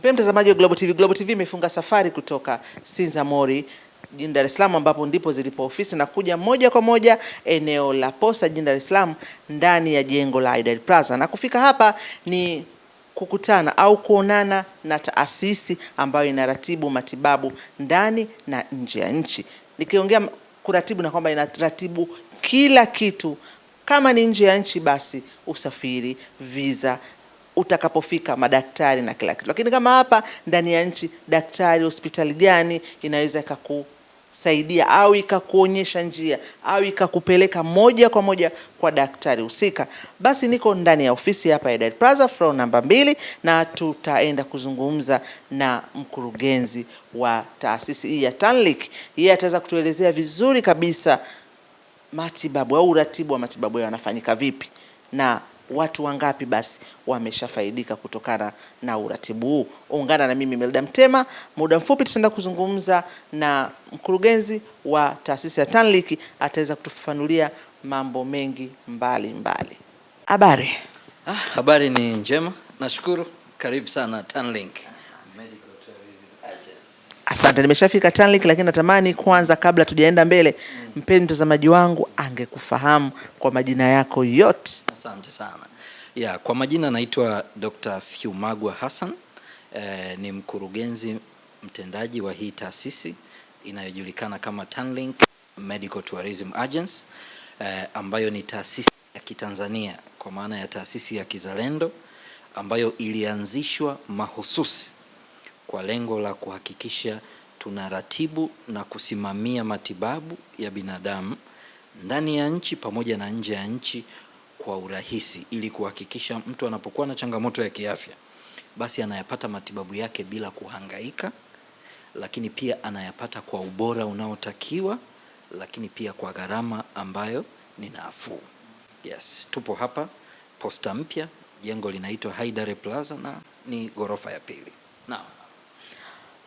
Mpe mtazamaji wa Global TV, Global TV imefunga safari kutoka Sinza Mori jijini Dar es Salaam ambapo ndipo zilipo ofisi na kuja moja kwa moja eneo la posta jijini Dar es Salaam ndani ya jengo la Idel Plaza, na kufika hapa ni kukutana au kuonana na taasisi ambayo inaratibu matibabu ndani na nje ya nchi. Nikiongea kuratibu na kwamba inaratibu kila kitu, kama ni nje ya nchi basi usafiri, visa utakapofika madaktari na kila kitu. Lakini kama hapa ndani ya nchi, daktari hospitali gani inaweza ikakusaidia au ikakuonyesha njia au ikakupeleka moja kwa moja kwa daktari husika, basi niko ndani ya ofisi hapa ya Dar Plaza floor namba mbili, na tutaenda kuzungumza na mkurugenzi wa taasisi hii ya Tanlic. Yeye ataweza kutuelezea vizuri kabisa matibabu au uratibu wa matibabu yao yanafanyika vipi na watu wangapi basi wameshafaidika kutokana na uratibu huu. Ungana na mimi Melda Mtema, muda mfupi tutaenda kuzungumza na mkurugenzi wa taasisi ya Tanliki, ataweza kutufafanulia mambo mengi mbalimbali. Habari ah, habari ni njema, nashukuru. Karibu sana Tanlink. Asante, nimeshafika Tanlink, lakini natamani kwanza, kabla tujaenda mbele, mm. mpenzi mtazamaji wangu angekufahamu kwa majina yako yote. Asante sana. Ya, kwa majina naitwa Dr. Fiumagwa Hassan eh, ni mkurugenzi mtendaji wa hii taasisi inayojulikana kama Tanlink Medical Tourism agents eh, ambayo ni taasisi ya Kitanzania kwa maana ya taasisi ya kizalendo ambayo ilianzishwa mahususi kwa lengo la kuhakikisha tunaratibu na kusimamia matibabu ya binadamu ndani ya nchi pamoja na nje ya nchi kwa urahisi ili kuhakikisha mtu anapokuwa na changamoto ya kiafya basi anayapata matibabu yake bila kuhangaika, lakini pia anayapata kwa ubora unaotakiwa, lakini pia kwa gharama ambayo ni nafuu. Yes, tupo hapa Posta Mpya, jengo linaitwa Haidare Plaza na ni ghorofa ya pili. Naam.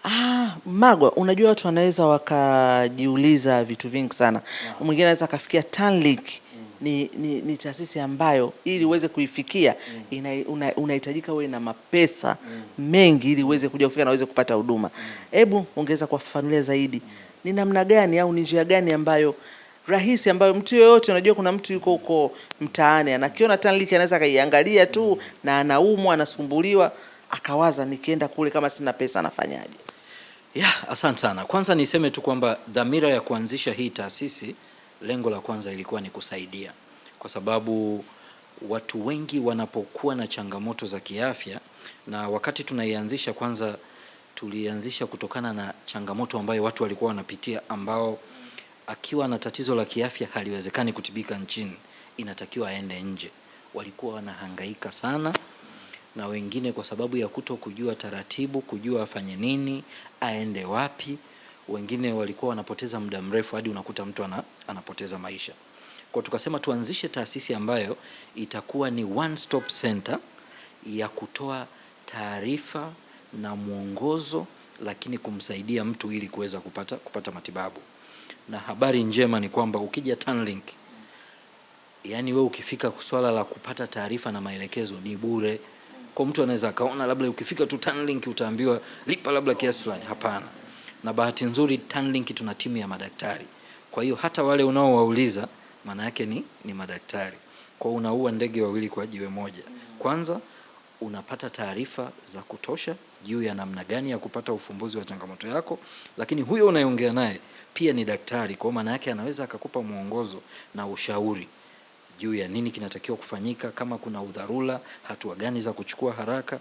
Ah, Magwa, unajua watu wanaweza wakajiuliza vitu vingi sana. Mwingine anaweza akafikia Tanlink ni, ni, ni taasisi ambayo ili uweze kuifikia mm. unahitajika una uwe na mapesa mm. mengi ili uweze kuja kufika na uweze kupata huduma. Hebu mm. ongeza kuwafafanulia zaidi mm. ni namna gani au ni njia gani ambayo rahisi ambayo mtu yoyote unajua, kuna mtu yuko huko mtaani anakiona Tanlink anaweza akaiangalia tu mm. na anaumwa anasumbuliwa, akawaza nikienda kule kama sina pesa nafanyaje? Yeah, asante sana. Kwanza niseme tu kwamba dhamira ya kuanzisha hii taasisi lengo la kwanza ilikuwa ni kusaidia, kwa sababu watu wengi wanapokuwa na changamoto za kiafya, na wakati tunaianzisha kwanza, tulianzisha kutokana na changamoto ambayo watu walikuwa wanapitia, ambao akiwa na tatizo la kiafya haliwezekani kutibika nchini, inatakiwa aende nje. Walikuwa wanahangaika sana na wengine kwa sababu ya kuto kujua taratibu, kujua afanye nini, aende wapi wengine walikuwa wanapoteza muda mrefu hadi unakuta mtu ana, anapoteza maisha. Kwa tukasema tuanzishe taasisi ambayo itakuwa ni one stop center ya kutoa taarifa na mwongozo, lakini kumsaidia mtu ili kuweza kupata, kupata matibabu. Na habari njema ni kwamba ukija Tanlink, yani we ukifika swala la kupata taarifa na maelekezo ni bure. Kwa mtu anaweza akaona labda ukifika tu Tanlink utaambiwa lipa labda kiasi fulani. Hapana na bahati nzuri Tanlink tuna timu ya madaktari, kwa hiyo hata wale unaowauliza maana yake ni, ni madaktari. Kwa unaua ndege wawili kwa jiwe moja. Kwanza unapata taarifa za kutosha juu ya namna gani ya kupata ufumbuzi wa changamoto yako, lakini huyo unayeongea naye pia ni daktari, kwa maana yake anaweza akakupa mwongozo na ushauri juu ya nini kinatakiwa kufanyika, kama kuna udharura, hatua gani za kuchukua haraka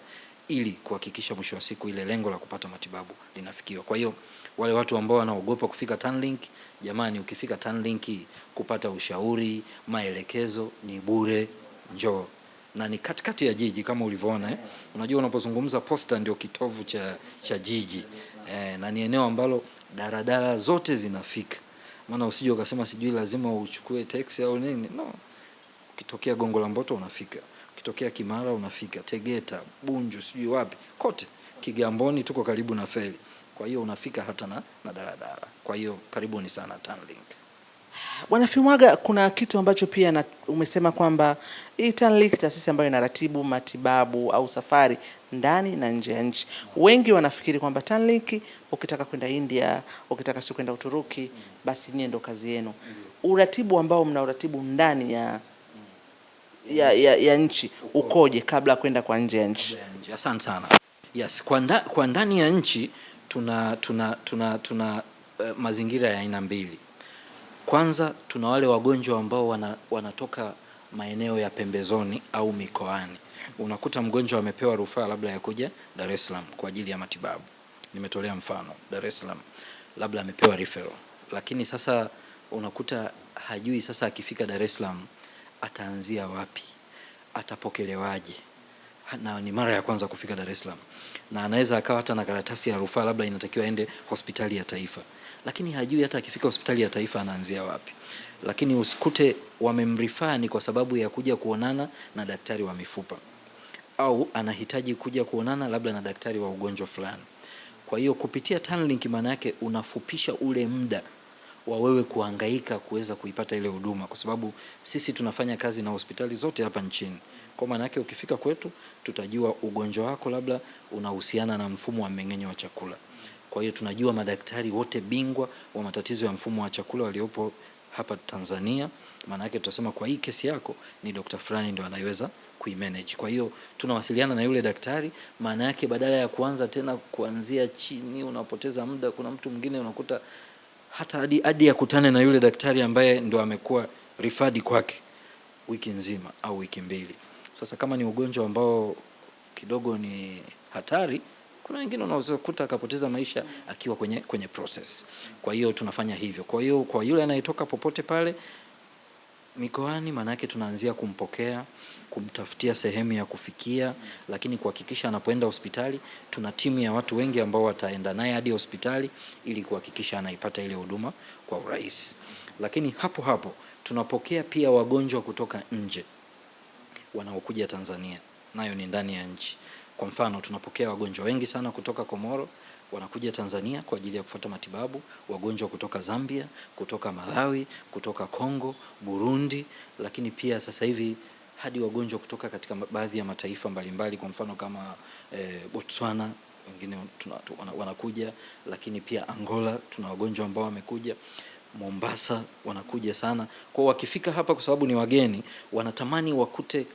ili kuhakikisha mwisho wa siku ile lengo la kupata matibabu linafikiwa. Kwa hiyo wale watu ambao wanaogopa kufika Tanlink, jamani, ukifika Tanlink kupata ushauri, maelekezo ni bure, njoo na ni katikati ya jiji kama ulivyoona eh. Unajua, unapozungumza Posta ndio kitovu cha, cha jiji eh, na ni eneo ambalo daradara zote zinafika, maana usije ukasema sijui lazima uchukue teksi au nini no. Ukitokea Gongo la Mboto unafika ukitokea Kimara unafika Tegeta, Bunju, sijui wapi kote, Kigamboni tuko karibu na feli, kwa hiyo unafika hata na, na daladala. Kwa hiyo karibuni sana Tanlink. Bwana Fimwaga, kuna kitu ambacho pia na, umesema kwamba hii Tanlink taasisi ambayo inaratibu matibabu au safari ndani na nje ya nchi. Wengi wanafikiri kwamba Tanlink ukitaka kwenda India, ukitaka si kwenda Uturuki, basi nyie ndo kazi yenu. Uratibu ambao mna uratibu ndani ya ya, ya, ya nchi ukoje kabla ya kwenda kwa nje ya nchi? Asante sana. Yes, kwa, nda, kwa ndani ya nchi tuna tuna tuna, tuna uh, mazingira ya aina mbili. Kwanza tuna wale wagonjwa ambao wana, wanatoka maeneo ya pembezoni au mikoani. Unakuta mgonjwa amepewa rufaa labda ya kuja Dar es Salaam kwa ajili ya matibabu, nimetolea mfano Dar es Salaam, labda amepewa referral, lakini sasa unakuta hajui sasa akifika Dar es Salaam ataanzia wapi, atapokelewaje? Na ni mara ya kwanza kufika Dar es Salaam, na anaweza akawa hata na karatasi ya rufaa, labda inatakiwa aende hospitali ya taifa, lakini hajui hata akifika hospitali ya taifa anaanzia wapi. Lakini usikute wamemrifaa ni kwa sababu ya kuja kuonana na daktari wa mifupa, au anahitaji kuja kuonana labda na daktari wa ugonjwa fulani. Kwa hiyo kupitia Tanlink, maana yake unafupisha ule muda wa wewe kuhangaika kuweza kuipata ile huduma, kwa sababu sisi tunafanya kazi na hospitali zote hapa nchini. Kwa maana yake ukifika kwetu tutajua ugonjwa wako labda unahusiana na mfumo wa mmeng'enyo wa chakula. Kwa hiyo tunajua madaktari wote bingwa wa matatizo ya mfumo wa chakula waliopo hapa Tanzania. Maana yake tutasema kwa hii kesi yako ni dokta fulani ndio anaiweza kuimanage. Kwa hiyo tunawasiliana na yule daktari, maana yake badala ya kuanza tena kuanzia chini, unapoteza muda. Kuna mtu mwingine unakuta hata hadi hadi akutane na yule daktari ambaye ndo amekuwa rifadi kwake wiki nzima au wiki mbili. Sasa kama ni ugonjwa ambao kidogo ni hatari, kuna wengine unaweza kukuta akapoteza maisha akiwa kwenye, kwenye process. Kwa hiyo tunafanya hivyo. Kwa hiyo kwa yule anayetoka popote pale mikoani, maanake tunaanzia kumpokea kumtafutia sehemu ya kufikia, lakini kuhakikisha anapoenda hospitali tuna timu ya watu wengi ambao wataenda naye hadi hospitali ili kuhakikisha anaipata ile huduma kwa urahisi. Lakini hapo hapo tunapokea pia wagonjwa kutoka nje wanaokuja Tanzania, nayo ni ndani ya nchi. Kwa mfano, tunapokea wagonjwa wengi sana kutoka Komoro wanakuja Tanzania kwa ajili ya kufuata matibabu, wagonjwa kutoka Zambia, kutoka Malawi, kutoka Kongo, Burundi, lakini pia sasa hivi hadi wagonjwa kutoka katika baadhi ya mataifa mbalimbali, kwa mfano kama e, Botswana wengine wanakuja, lakini pia Angola tuna wagonjwa ambao wamekuja Mombasa wanakuja sana. Kwa wakifika hapa, kwa sababu ni wageni, wanatamani wakute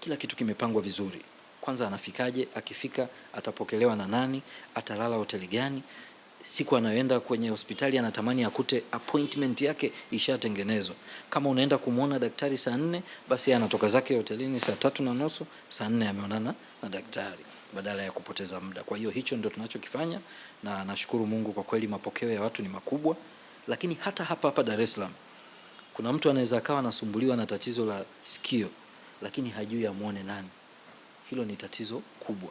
kila kitu kimepangwa vizuri. Kwanza anafikaje? Akifika atapokelewa na nani? Atalala hoteli gani? siku anayoenda kwenye hospitali anatamani akute appointment yake ishatengenezwa. Kama unaenda kumwona daktari saa nne, basi anatoka zake hotelini saa tatu na nusu, saa nne ameonana na daktari badala ya kupoteza muda. Kwa hiyo hicho ndio tunachokifanya, na nashukuru Mungu kwa kweli mapokeo ya watu ni makubwa. Lakini hata hapa hapa Dar es Salaam kuna mtu anaweza akawa anasumbuliwa na tatizo la sikio, lakini hajui amwone nani. Hilo ni tatizo kubwa.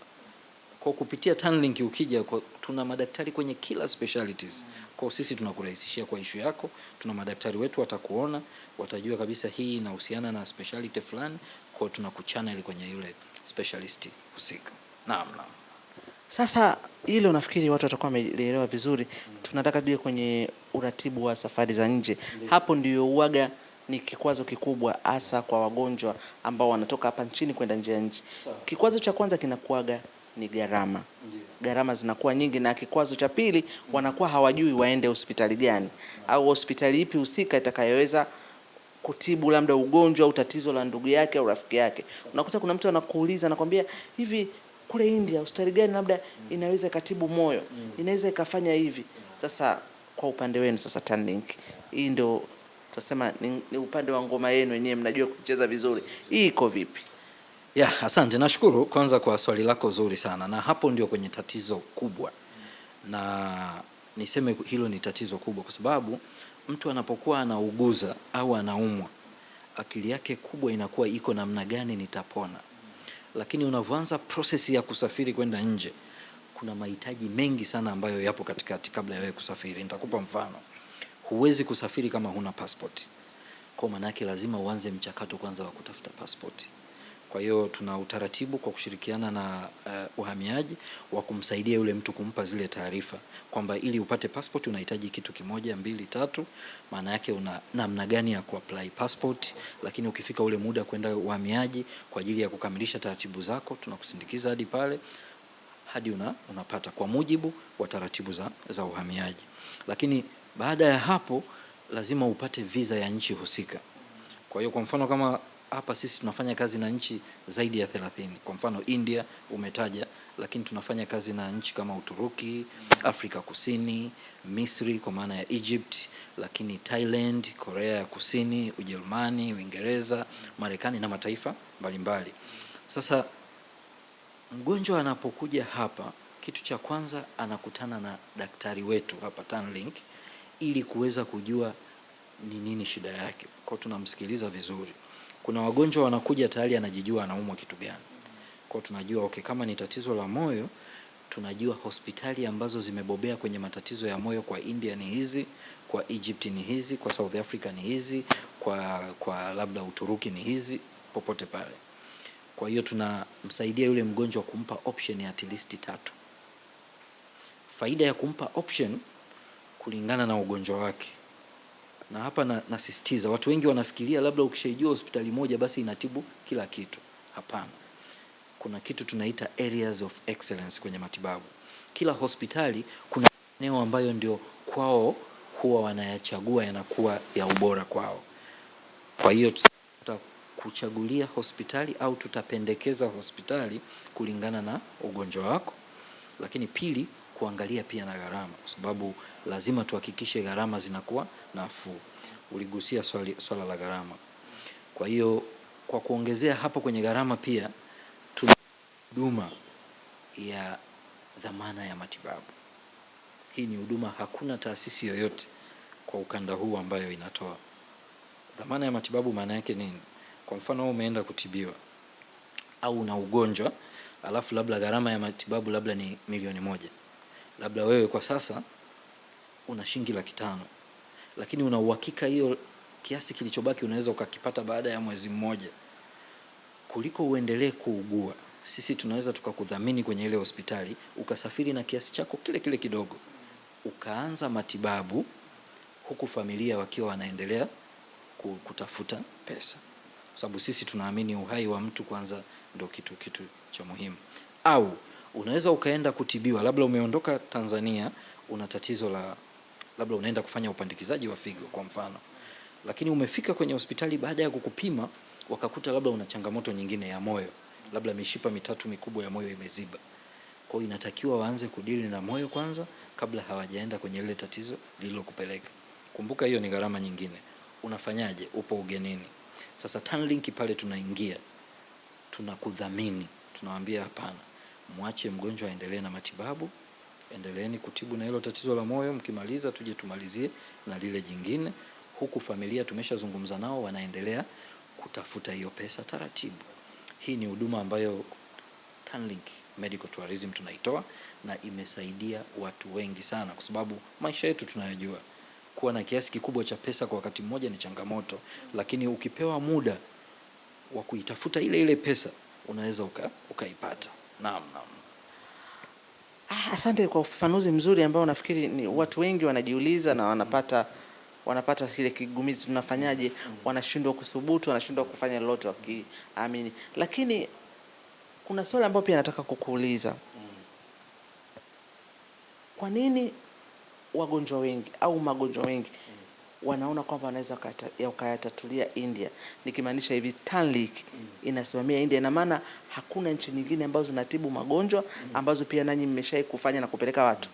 Kwa kupitia Tanlink ukija kwa, tuna madaktari kwenye kila specialties. Kwa sisi tunakurahisishia kwa ishu yako, tuna madaktari wetu watakuona, watajua kabisa hii inahusiana na speciality fulani, kwa tunakuchannel kwenye yule specialist husika. Naam, naam. Sasa hilo nafikiri watu watakuwa wameelewa vizuri. Tunataka tuje kwenye uratibu wa safari za nje. Hapo ndiyo uwaga ni kikwazo kikubwa hasa kwa wagonjwa ambao wanatoka hapa nchini kwenda nje ya nchi. Kikwazo cha kwanza kinakuaga ni gharama, gharama zinakuwa nyingi, na kikwazo cha pili wanakuwa hawajui waende hospitali gani au hospitali ipi husika itakayoweza kutibu labda ugonjwa au tatizo la ndugu yake au rafiki yake. Unakuta kuna mtu anakuuliza, anakwambia hivi, kule India hospitali gani labda mm. inaweza ikatibu moyo, mm. inaweza ikafanya hivi. Sasa kwa upande wenu sasa, Tanlink hii ndio tunasema ni, ni upande wa ngoma yenu wenyewe, mnajua kucheza vizuri. Hii iko vipi? Yeah, asante. Nashukuru kwanza kwa swali lako zuri sana, na hapo ndio kwenye tatizo kubwa, na niseme hilo ni tatizo kubwa kwa sababu mtu anapokuwa anauguza au anaumwa, akili yake kubwa inakuwa iko namna gani nitapona, lakini unavyoanza prosesi ya kusafiri kwenda nje, kuna mahitaji mengi sana ambayo yapo katikati kabla ya wewe kusafiri. Nitakupa mfano, huwezi kusafiri kama huna passport, kwa maana yake lazima uanze mchakato kwanza wa kutafuta passport. Kwa hiyo tuna utaratibu kwa kushirikiana na uh, uhamiaji wa kumsaidia yule mtu kumpa zile taarifa kwamba ili upate passport unahitaji kitu kimoja, mbili, tatu, maana yake una namna gani ya kuapply passport. Lakini ukifika ule muda kwenda uhamiaji kwa ajili ya kukamilisha taratibu zako, tunakusindikiza hadi pale hadi una, unapata kwa mujibu wa taratibu za, za uhamiaji. Lakini baada ya hapo lazima upate visa ya nchi husika. Kwa hiyo kwa mfano kama hapa sisi tunafanya kazi na nchi zaidi ya thelathini. Kwa mfano India umetaja, lakini tunafanya kazi na nchi kama Uturuki, Afrika Kusini, Misri kwa maana ya Egypt, lakini Thailand, Korea ya Kusini, Ujerumani, Uingereza, Marekani na mataifa mbalimbali. Sasa mgonjwa anapokuja hapa, kitu cha kwanza anakutana na daktari wetu hapa TANLink ili kuweza kujua ni nini shida yake, kwa tunamsikiliza vizuri kuna wagonjwa wanakuja tayari anajijua anaumwa kitu gani, kwa tunajua okay, kama ni tatizo la moyo tunajua hospitali ambazo zimebobea kwenye matatizo ya moyo kwa India ni hizi, kwa Egypt ni hizi, kwa South Africa ni hizi, kwa kwa labda Uturuki ni hizi, popote pale. Kwa hiyo tunamsaidia yule mgonjwa kumpa option ya tilisti tatu. Faida ya kumpa option kulingana na ugonjwa wake na hapa na, nasisitiza watu wengi wanafikiria labda ukishaijua hospitali moja basi inatibu kila kitu. Hapana, kuna kitu tunaita areas of excellence kwenye matibabu. Kila hospitali kuna eneo ambayo ndio kwao huwa wanayachagua yanakuwa ya ubora kwao. Kwa hiyo tutakuchagulia hospitali au tutapendekeza hospitali kulingana na ugonjwa wako, lakini pili kuangalia pia na gharama, kwa sababu lazima tuhakikishe gharama zinakuwa nafuu. Uligusia swali, swala la gharama. Kwa hiyo kwa kuongezea hapo kwenye gharama pia tuna huduma ya dhamana ya matibabu. Hii ni huduma, hakuna taasisi yoyote kwa ukanda huu ambayo inatoa dhamana ya matibabu. Maana yake nini? Kwa mfano wewe umeenda kutibiwa au una ugonjwa alafu labda gharama ya matibabu labda ni milioni moja labda wewe kwa sasa una shilingi laki tano lakini una uhakika hiyo kiasi kilichobaki unaweza ukakipata baada ya mwezi mmoja, kuliko uendelee kuugua. Sisi tunaweza tukakudhamini kwenye ile hospitali, ukasafiri na kiasi chako kile kile kidogo, ukaanza matibabu huku familia wakiwa wanaendelea kutafuta pesa, kwa sababu sisi tunaamini uhai wa mtu kwanza ndo kitu kitu cha muhimu au unaweza ukaenda kutibiwa, labda umeondoka Tanzania, una tatizo la labda unaenda kufanya upandikizaji wa figo kwa mfano, lakini umefika kwenye hospitali, baada ya kukupima wakakuta labda una changamoto nyingine ya moyo, labda mishipa mitatu mikubwa ya moyo imeziba. Kwa hiyo inatakiwa waanze kudili na moyo kwanza kabla hawajaenda kwenye ile tatizo lililokupeleka. Kumbuka hiyo ni gharama nyingine. Unafanyaje? Upo ugenini. Sasa Tanlink pale tunaingia, tunakudhamini, tunawaambia hapana mwache mgonjwa aendelee na matibabu. Endeleeni kutibu na hilo tatizo la moyo, mkimaliza tuje tumalizie na lile jingine, huku familia tumeshazungumza nao, wanaendelea kutafuta hiyo pesa taratibu. Hii ni huduma ambayo Tanlink Medical Tourism tunaitoa na imesaidia watu wengi sana, kwa sababu maisha yetu tunayajua. Kuwa na kiasi kikubwa cha pesa kwa wakati mmoja ni changamoto, lakini ukipewa muda wa kuitafuta ile ile pesa unaweza uka, ukaipata. Naam, naam. Ah, asante kwa ufafanuzi mzuri ambao nafikiri ni watu wengi wanajiuliza na wanapata wanapata kile kigumizi, tunafanyaje? Wanashindwa kuthubutu, wanashindwa kufanya lolote wakiamini. Lakini kuna swali ambayo pia nataka kukuuliza, mm. kwa nini wagonjwa wengi au magonjwa mengi wanaona kwamba wanaweza wakayatatulia India, nikimaanisha hivi Tanlic mm. inasimamia India. Ina maana hakuna nchi nyingine ambazo zinatibu magonjwa mm. ambazo pia nanyi mmeshai kufanya na kupeleka watu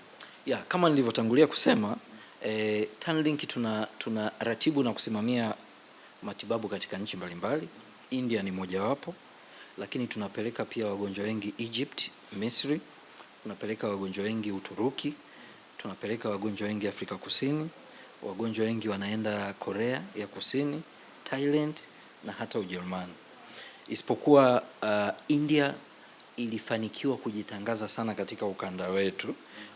ya kama nilivyotangulia kusema eh, Tanlink tuna tuna ratibu na kusimamia matibabu katika nchi mbalimbali, India ni mojawapo, lakini tunapeleka pia wagonjwa wengi Egypt, Misri, tunapeleka wagonjwa wengi Uturuki, tunapeleka wagonjwa wengi Afrika Kusini wagonjwa wengi wanaenda Korea ya Kusini, Thailand na hata Ujerumani, isipokuwa uh, India ilifanikiwa kujitangaza sana katika ukanda wetu.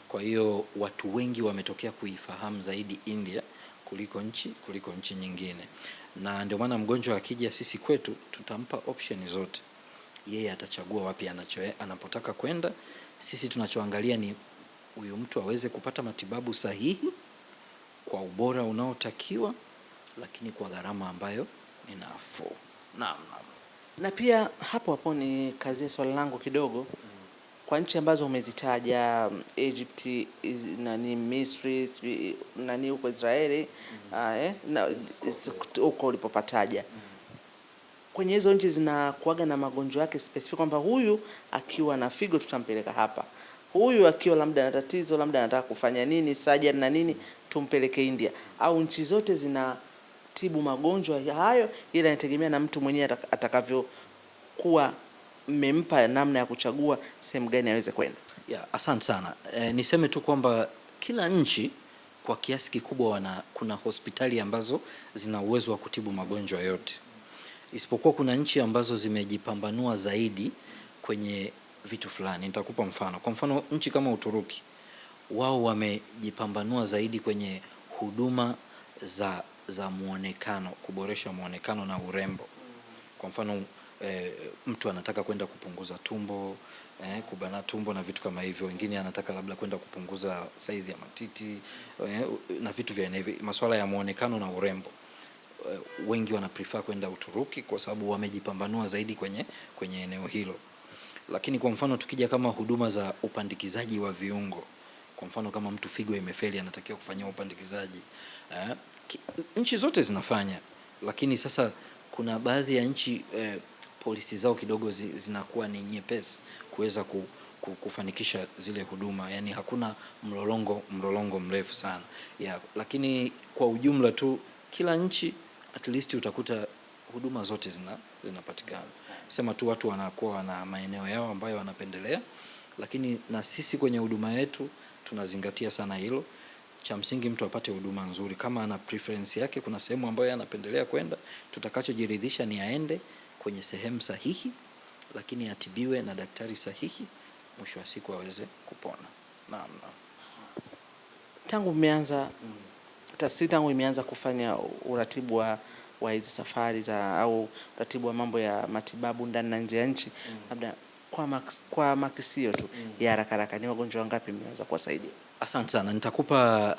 Kwa hiyo watu wengi wametokea kuifahamu zaidi India kuliko nchi kuliko nchi nyingine, na ndio maana mgonjwa akija sisi kwetu tutampa option zote, yeye atachagua wapi anachoe anapotaka kwenda. Sisi tunachoangalia ni huyu mtu aweze kupata matibabu sahihi kwa ubora unaotakiwa, lakini kwa gharama ambayo ni nafuu. Naam, naam. Na pia hapo hapo ni kazi ya swali langu kidogo mm. Kwa nchi ambazo umezitaja Egypt, nani Misri, nani huko Israeli mm. -hmm. eh, na huko ulipopataja mm. kwenye hizo nchi zinakuaga na magonjwa yake specific kwamba huyu akiwa na figo tutampeleka hapa huyu akiwa labda na tatizo labda anataka kufanya nini saja na nini, tumpeleke India au nchi zote zinatibu magonjwa hayo, ila inategemea na mtu mwenyewe atakavyokuwa mmempa namna ya kuchagua sehemu gani aweze kwenda. Yeah, asante sana. E, niseme tu kwamba kila nchi kwa kiasi kikubwa wana kuna hospitali ambazo zina uwezo wa kutibu magonjwa yote, isipokuwa kuna nchi ambazo zimejipambanua zaidi kwenye vitu fulani. Nitakupa mfano. Kwa mfano nchi kama Uturuki, wao wamejipambanua zaidi kwenye huduma za za muonekano, kuboresha muonekano na urembo. Kwa mfano e, mtu anataka kwenda kupunguza tumbo e, kubana tumbo na vitu kama hivyo. Wengine anataka labda kwenda kupunguza saizi ya matiti e, na vitu vya hivi, masuala ya muonekano na urembo wengi wanaprefer kwenda Uturuki kwa sababu wamejipambanua zaidi kwenye kwenye eneo hilo. Lakini kwa mfano tukija kama huduma za upandikizaji wa viungo, kwa mfano kama mtu figo imefeli anatakiwa kufanyia upandikizaji eh, nchi zote zinafanya, lakini sasa kuna baadhi ya nchi eh, polisi zao kidogo zi, zinakuwa ni nyepesi kuweza ku, ku, kufanikisha zile huduma, yani hakuna mlolongo mlolongo mrefu sana yeah. Lakini kwa ujumla tu kila nchi at least utakuta huduma zote zina, zinapatikana. Sema tu watu wanakuwa wana maeneo yao ambayo wanapendelea, lakini na sisi kwenye huduma yetu tunazingatia sana hilo. Cha msingi mtu apate huduma nzuri. Kama ana preference yake, kuna sehemu ambayo anapendelea kwenda, tutakachojiridhisha ni aende kwenye sehemu sahihi, lakini atibiwe na daktari sahihi, mwisho wa siku aweze kupona. Naam, naam. Tangu mmeanza mm. taasisi, tangu imeanza kufanya uratibu wa wa hizi safari za au ratibu wa mambo ya matibabu ndani na nje ya nchi mm. labda kwa, max, kwa makisio tu mm. ya haraka haraka, ni wagonjwa wangapi mmeweza kuwasaidia? Asante sana, nitakupa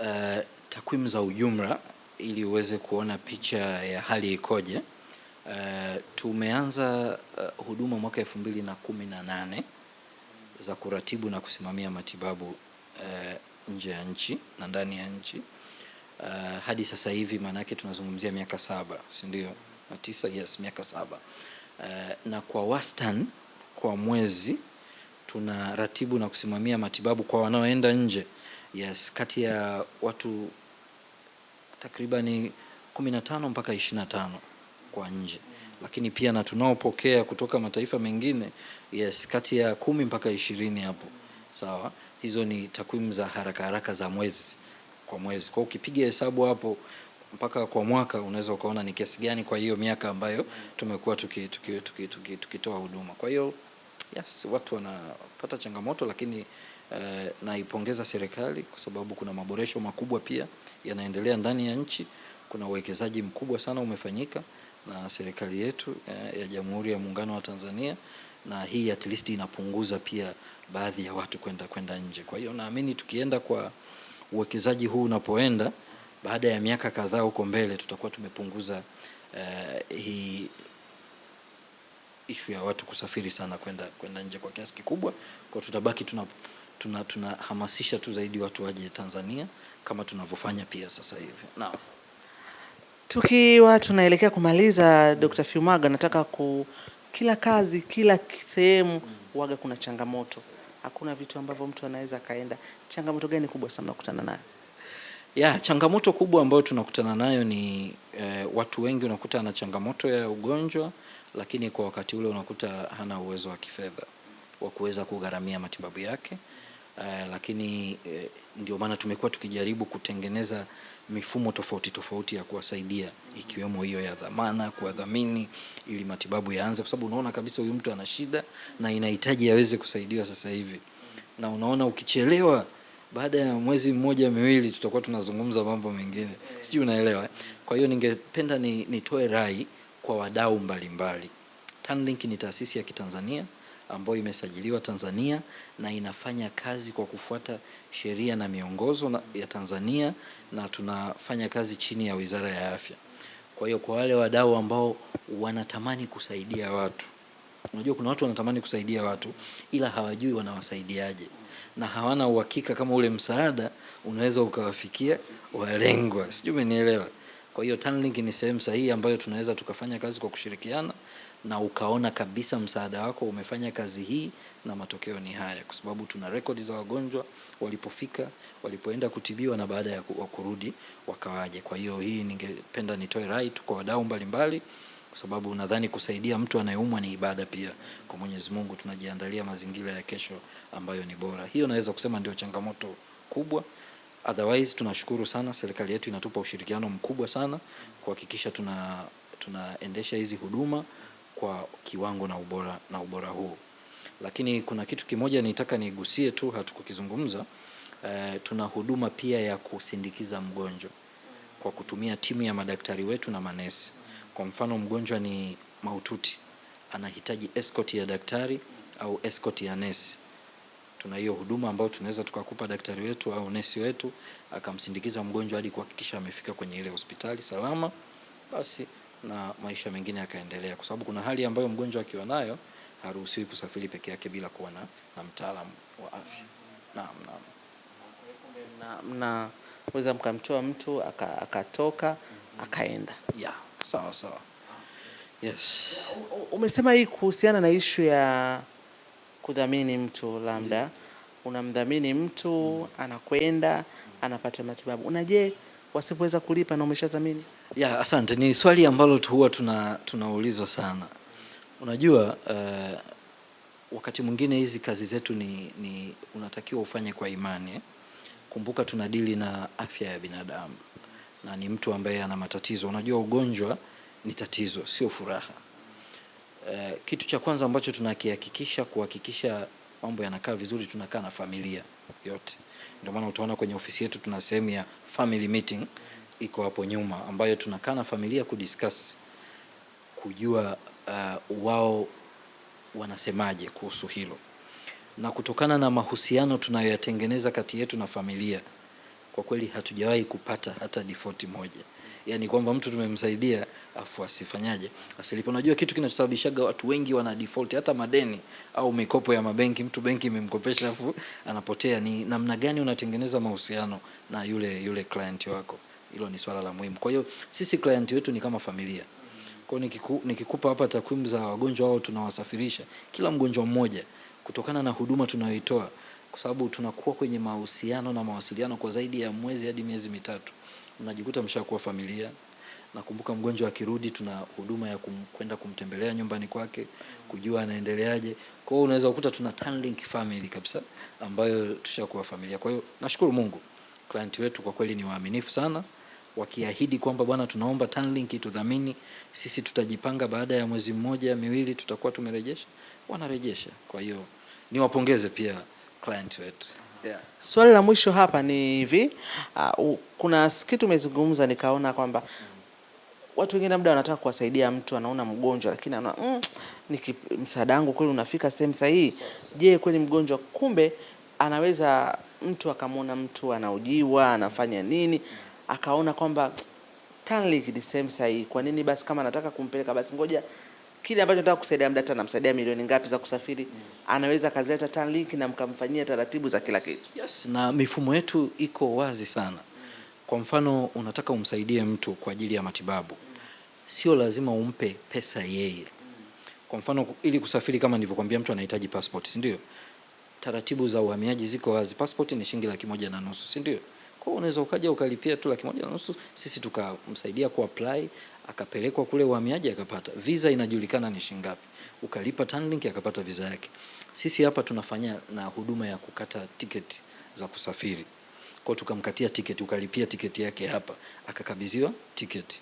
uh, takwimu za ujumla ili uweze kuona picha ya hali ikoje. Uh, tumeanza uh, huduma mwaka elfu mbili na kumi na nane za kuratibu na kusimamia matibabu uh, nje ya nchi na ndani ya nchi uh, hadi sasa hivi maana yake tunazungumzia miaka saba, si ndio? na tisa, yes, miaka saba uh, na kwa wastani kwa mwezi tuna ratibu na kusimamia matibabu kwa wanaoenda nje, yes, kati ya watu takribani 15 mpaka 25 kwa nje, lakini pia na tunaopokea kutoka mataifa mengine yes, kati ya kumi mpaka ishirini hapo. Sawa, hizo ni takwimu za haraka haraka za mwezi kwa mwezi. Kwa ukipiga hesabu hapo mpaka kwa mwaka unaweza ukaona ni kiasi gani kwa hiyo miaka ambayo tumekuwa tukitoa tuki, tuki, tuki, tuki huduma. Kwa hiyo yes, watu wanapata changamoto lakini eh, naipongeza serikali kwa sababu kuna maboresho makubwa pia yanaendelea ndani ya nchi. Kuna uwekezaji mkubwa sana umefanyika na serikali yetu eh, ya Jamhuri ya Muungano wa Tanzania na hii at least inapunguza pia baadhi ya watu kwenda kwenda nje. Kwa hiyo naamini tukienda kwa uwekezaji huu unapoenda baada ya miaka kadhaa huko mbele, tutakuwa tumepunguza uh, hii ishu ya watu kusafiri sana kwenda kwenda nje kwa kiasi kikubwa, kwa tutabaki tuna tunahamasisha tuna tu zaidi watu waje Tanzania kama tunavyofanya pia sasa hivi. Naam. Tukiwa tunaelekea kumaliza, Dr. Fiumaga, nataka ku kila kazi kila sehemu mm. waga kuna changamoto hakuna vitu ambavyo mtu anaweza akaenda. Changamoto gani kubwa sana unakutana nayo? Ya, changamoto kubwa ambayo tunakutana nayo ni eh, watu wengi unakuta ana changamoto ya ugonjwa, lakini kwa wakati ule unakuta hana uwezo wa kifedha wa kuweza kugharamia matibabu yake eh, lakini eh, ndio maana tumekuwa tukijaribu kutengeneza mifumo tofauti tofauti ya kuwasaidia ikiwemo hiyo ya dhamana, kuwadhamini ili matibabu yaanze, kwa sababu unaona kabisa huyu mtu ana shida na inahitaji aweze kusaidiwa sasa hivi, na unaona ukichelewa baada ya mwezi mmoja miwili, tutakuwa tunazungumza mambo mengine, sijui unaelewa. Eh? Kwa hiyo ningependa ni, nitoe rai kwa wadau mbalimbali. Tanlink ni taasisi ya Kitanzania ambayo imesajiliwa Tanzania na inafanya kazi kwa kufuata sheria na miongozo ya Tanzania na tunafanya kazi chini ya Wizara ya Afya. Kwa hiyo kwa wale wadau ambao wanatamani kusaidia watu, unajua kuna watu wanatamani kusaidia watu ila hawajui wanawasaidiaje na hawana uhakika kama ule msaada unaweza ukawafikia walengwa, sijui umenielewa. Kwa hiyo TanLink ni sehemu sahihi ambayo tunaweza tukafanya kazi kwa kushirikiana na ukaona kabisa msaada wako umefanya kazi hii na matokeo ni haya, kwa sababu tuna rekodi za wagonjwa walipofika, walipoenda kutibiwa na baada ya kurudi wakawaje. Kwa hiyo hii ningependa nitoe rai tu kwa wadau mbalimbali, kwa sababu nadhani kusaidia mtu anayeumwa ni ibada pia kwa Mwenyezi Mungu. Tunajiandalia mazingira ya kesho ambayo ni bora. Hiyo naweza kusema ndio changamoto kubwa. Otherwise, tunashukuru sana serikali yetu inatupa ushirikiano mkubwa sana kuhakikisha tuna tunaendesha hizi huduma kwa kiwango na ubora, na ubora huu. Lakini kuna kitu kimoja nitaka nigusie tu, hatukukizungumza. E, tuna huduma pia ya kusindikiza mgonjwa kwa kutumia timu ya madaktari wetu na manesi. Kwa mfano mgonjwa ni mahututi, anahitaji escort ya daktari au escort ya nesi, tuna hiyo huduma ambayo tunaweza tukakupa daktari wetu au nesi wetu akamsindikiza mgonjwa hadi kuhakikisha amefika kwenye ile hospitali salama basi na maisha mengine yakaendelea, kwa sababu kuna hali ambayo mgonjwa akiwa nayo haruhusiwi kusafiri peke yake bila kuwa na, na mtaalamu wa afya. Naam, naam. Mnaweza mkamtoa mtu akatoka mhm. akaenda. Yeah, sawa sawa. Yes. Umesema hii kuhusiana na ishu ya kudhamini mtu labda, yeah. Mm. Unamdhamini mtu mm. anakwenda mm. anapata matibabu. Unaje wasipoweza kulipa na umeshadhamini? Yeah, asante. Ni swali ambalo huwa tuna tunaulizwa sana. Unajua uh, wakati mwingine hizi kazi zetu ni, ni unatakiwa ufanye kwa imani. Kumbuka tunadili na afya ya binadamu na ni mtu ambaye ana matatizo. Unajua ugonjwa ni tatizo, sio furaha. Uh, kitu cha kwanza ambacho tunakihakikisha kuhakikisha mambo yanakaa vizuri, tunakaa na familia yote ndio maana utaona kwenye ofisi yetu tuna sehemu ya family meeting iko hapo nyuma, ambayo tunakaa na familia kudiscuss, kujua uh, wao wanasemaje kuhusu hilo, na kutokana na mahusiano tunayoyatengeneza kati yetu na familia, kwa kweli hatujawahi kupata hata default moja, yaani kwamba mtu tumemsaidia afu asifanyaje asilipo. najua kitu kinachosababishaga watu wengi wana default hata madeni au mikopo ya mabenki, mtu benki imemkopesha afu anapotea, ni namna gani unatengeneza mahusiano na yule yule client wako? Hilo ni swala la muhimu. Kwa hiyo sisi client wetu ni kama familia. Kwa nikiku, nikikupa hapa takwimu za wagonjwa wao tunawasafirisha, kila mgonjwa mmoja kutokana na huduma tunayoitoa kwa sababu tunakuwa kwenye mahusiano na mawasiliano kwa zaidi ya mwezi hadi miezi mitatu, unajikuta mshakuwa familia. Nakumbuka mgonjwa akirudi, tuna huduma ya kum, kwenda kumtembelea nyumbani kwake kujua anaendeleaje. Kwa hiyo unaweza kukuta tuna Tanlink family kabisa ambayo tushakuwa familia. Kwa hiyo nashukuru Mungu, client wetu kwa kweli ni waaminifu sana, wakiahidi kwamba bwana, tunaomba Tanlink itudhamini, sisi tutajipanga, baada ya mwezi mmoja miwili tutakuwa tumerejesha, wanarejesha. Kwa hiyo niwapongeze pia client wetu. Yeah. Swali la mwisho hapa ni hivi, uh, kuna kitu umezungumza nikaona kwamba mm watu wengine labda wanataka kuwasaidia mtu, anaona mgonjwa, lakini anaona mm, msaada wangu kweli unafika sehemu sahihi? Je, kweli mgonjwa? Kumbe anaweza mtu akamwona mtu anaujiwa anafanya nini, akaona kwamba TANROADS ni sehemu sahihi. Kwa nini basi, kama anataka kumpeleka basi, ngoja kile ambacho nataka kusaidia hata namsaidia milioni ngapi za kusafiri, anaweza kazileta TANROADS na mkamfanyia taratibu za kila kitu. Yes, na mifumo yetu iko wazi sana. Kwa mfano unataka umsaidie mtu kwa ajili ya matibabu sio lazima umpe pesa yeye. Kwa mfano, ili kusafiri kama nilivyokuambia, mtu anahitaji passport, si ndio? Taratibu za uhamiaji ziko wazi, passport ni shilingi laki moja na nusu, si ndio? Kwa hiyo unaweza ukaja ukalipia tu laki moja na nusu, sisi tukamsaidia kuapply, akapelekwa kule uhamiaji, akapata visa, inajulikana ni shilingi ngapi, ukalipa Tanlink, akapata visa yake. Sisi hapa tunafanya na huduma ya kukata tiketi za kusafiri, kwa tukamkatia tiketi, ukalipia tiketi yake hapa, akakabidhiwa tiketi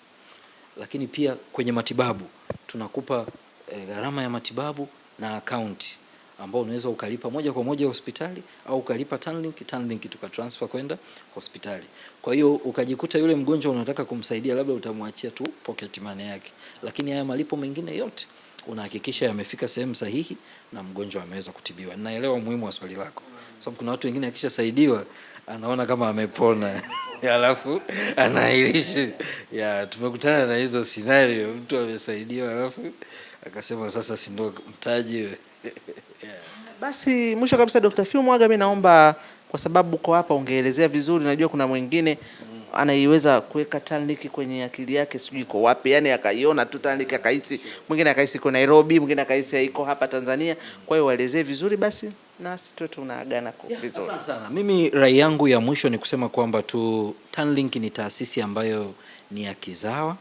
lakini pia kwenye matibabu tunakupa e, gharama ya matibabu na akaunti ambao unaweza ukalipa moja kwa moja hospitali au ukalipa Tanlink, Tanlink tukatransfer kwenda hospitali. Kwa hiyo ukajikuta yule mgonjwa unataka kumsaidia, labda utamwachia tu pocket money yake, lakini haya malipo mengine yote unahakikisha yamefika sehemu sahihi na mgonjwa ameweza kutibiwa. Naelewa umuhimu wa swali lako, sababu kuna watu wengine akishasaidiwa anaona kama amepona alafu anaahirishi. Ya, tumekutana na hizo scenario, mtu amesaidiwa alafu akasema sasa si ndo mtaji yeah. Basi mwisho kabisa, Dr. Phil Mwaga, mimi naomba kwa sababu uko hapa ungeelezea vizuri, najua kuna mwingine mm anaiweza kuweka Tanliki kwenye akili yake, sijui iko wapi, yani akaiona tu Tanliki akahisi, mwingine akahisi iko Nairobi, mwingine akahisi haiko hapa Tanzania. Kwa hiyo waelezee vizuri basi, nasi tu tunaagana vizuri yeah, sana. Mimi rai yangu ya mwisho ni kusema kwamba tu Tanlink ni taasisi ambayo ni ya kizawa,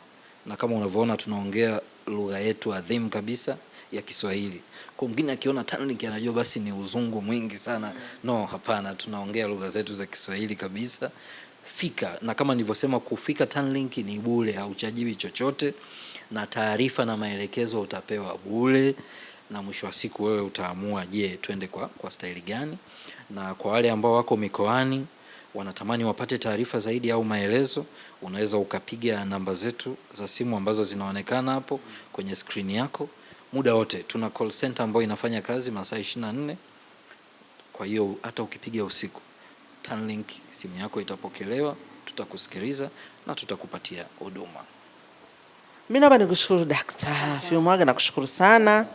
na kama unavyoona tunaongea lugha yetu adhimu kabisa ya Kiswahili. Kwa mwingine akiona Tanlink anajua basi ni uzungu mwingi sana. No, hapana, tunaongea lugha zetu za Kiswahili kabisa kufika, na kama nilivyosema, kufika Tanlink ni bure, hauchajiwi chochote, na taarifa na maelekezo utapewa bure, na mwisho wa siku wewe utaamua, je, twende kwa, kwa staili gani? Na kwa wale ambao wako mikoani wanatamani wapate taarifa zaidi au maelezo, unaweza ukapiga namba zetu za simu ambazo zinaonekana hapo kwenye skrini yako muda wote. Tuna call center ambayo inafanya kazi masaa 24 kwa hiyo hata ukipiga usiku Tanlink, simu yako itapokelewa, tutakusikiliza na tutakupatia huduma. Mimi naomba nikushukuru Daktari Filmwaga, nakushukuru sana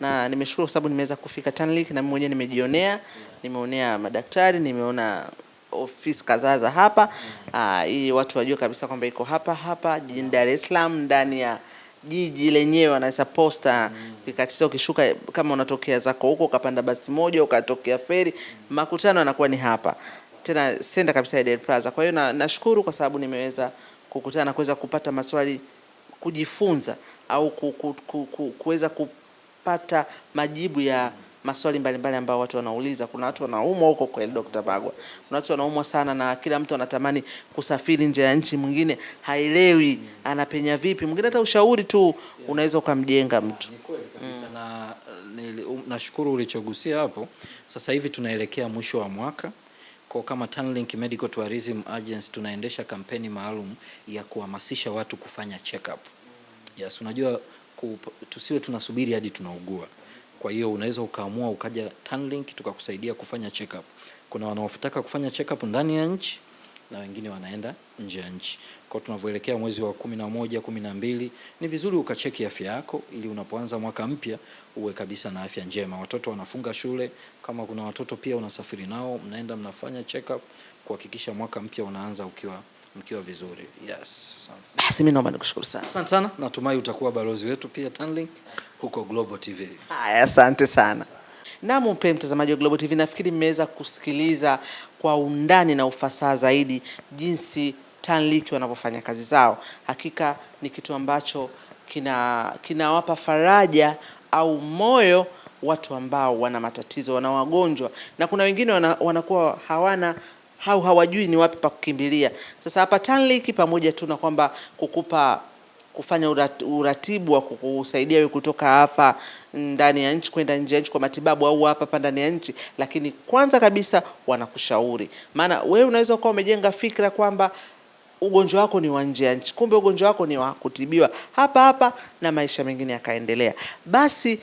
na nimeshukuru kwa sababu nimeweza kufika Tanlink na mimi mwenyewe nimejionea, nimeonea madaktari, nimeona ofisi kadhaa za hapa mm. ah, ili watu wajue kabisa kwamba iko hapa hapa jijini Dar es Salaam ndani ya jiji lenyewe wanaweza posta mm. Vikatisa ukishuka kama unatokea zako huko ukapanda basi moja ukatokea feri, mm. makutano yanakuwa ni hapa tena senda kabisa Del Plaza. Kwa hiyo na, nashukuru kwa sababu nimeweza kukutana na kuweza kupata maswali, kujifunza au kuweza kupata majibu ya maswali mbalimbali ambayo watu wanauliza. Kuna watu wanaumwa huko kweli, Dr. Bagwa, kuna watu wanaumwa sana, na kila mtu anatamani kusafiri nje ya nchi, mwingine haelewi anapenya vipi, mwingine hata ushauri tu unaweza ukamjenga mtu. Ni kweli kabisa, na nashukuru ulichogusia hapo. Sasa hivi tunaelekea mwisho wa mwaka kwa kama Tanlink Medical Tourism Agency tunaendesha kampeni maalum ya kuhamasisha watu kufanya check up. Yes, unajua tusiwe tunasubiri hadi tunaugua. Kwa hiyo unaweza ukaamua ukaja Tanlink tukakusaidia kufanya check up. Kuna wanaotaka kufanya check up ndani ya nchi na wengine wanaenda nje ya nchi. Kwa tunavyoelekea mwezi wa kumi na moja, kumi na mbili, ni vizuri ukacheki afya yako ili unapoanza mwaka mpya uwe kabisa na afya njema. Watoto wanafunga shule, kama kuna watoto pia unasafiri nao, mnaenda mnafanya check up kuhakikisha mwaka mpya unaanza ukiwa mkiwa vizuri. Yes. Basi mimi naomba nikushukuru sana. Asante sana. Natumai utakuwa balozi wetu pia Tanlink huko Global TV. Haya, asante sana. Na mpenzi mtazamaji wa Global TV, nafikiri mmeweza kusikiliza kwa undani na ufasaha zaidi jinsi TANRIC wanavyofanya kazi zao. Hakika ni kitu ambacho kina kinawapa faraja au moyo watu ambao wana matatizo, wana wagonjwa, na kuna wengine wana, wanakuwa hawana au hawajui ni wapi pa kukimbilia. Sasa hapa TANRIC pamoja tu na kwamba kukupa kufanya uratibu wa kukusaidia wewe kutoka hapa ndani ya nchi kwenda nje ya nchi kwa matibabu au hapa hapa ndani ya nchi, lakini kwanza kabisa wanakushauri. Maana wewe unaweza kuwa umejenga fikra kwamba ugonjwa wako ni wa nje ya nchi, kumbe ugonjwa wako ni wa kutibiwa hapa hapa na maisha mengine yakaendelea. Basi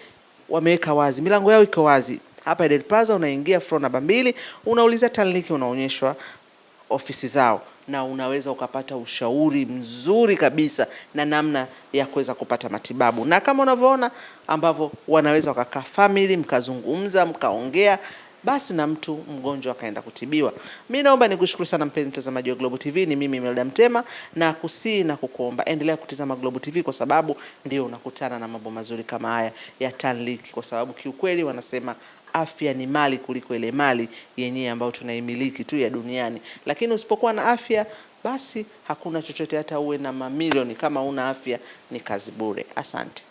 wameweka wazi, milango yao iko wazi. Hapa Eden Plaza unaingia floor namba mbili, unauliza Tanliki, unaonyeshwa ofisi zao na unaweza ukapata ushauri mzuri kabisa na namna ya kuweza kupata matibabu, na kama unavyoona ambavyo wanaweza wakakaa family, mkazungumza, mkaongea basi na mtu mgonjwa akaenda kutibiwa. Mi naomba nikushukuru sana mpenzi mtazamaji wa Global TV, ni mimi Melda Mtema, na kusii na kukuomba endelea kutizama Global TV kwa sababu ndio unakutana na mambo mazuri kama haya ya Tan kwa sababu kiukweli wanasema afya ni mali kuliko ile mali yenyewe ambayo tunaimiliki tu ya duniani. Lakini usipokuwa na afya, basi hakuna chochote, hata uwe na mamilioni, kama una afya ni kazi bure. Asante.